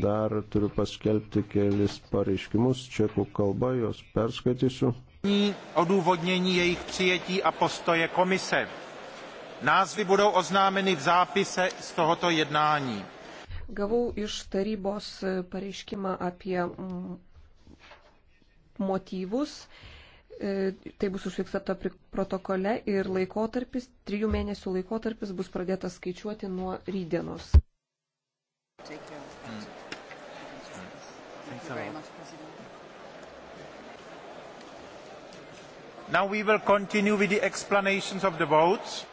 Dar turiu paskelbti kelis pareiškimus čekų kalba, jos perskaitysiu. Odůvodnění jejich přijetí a postoje komise. Názvy budou oznámeny v zápise z tohoto jednání. Gavau iš tarybos pareiškimą apie motyvus. E, tai bus užfiksuota protokole ir laikotarpis, trijų mėnesių laikotarpis bus pradėtas skaičiuoti nuo rydienos take care of that. Mm. Thank Thanks you very much, President. Now we will continue with the explanations of the votes.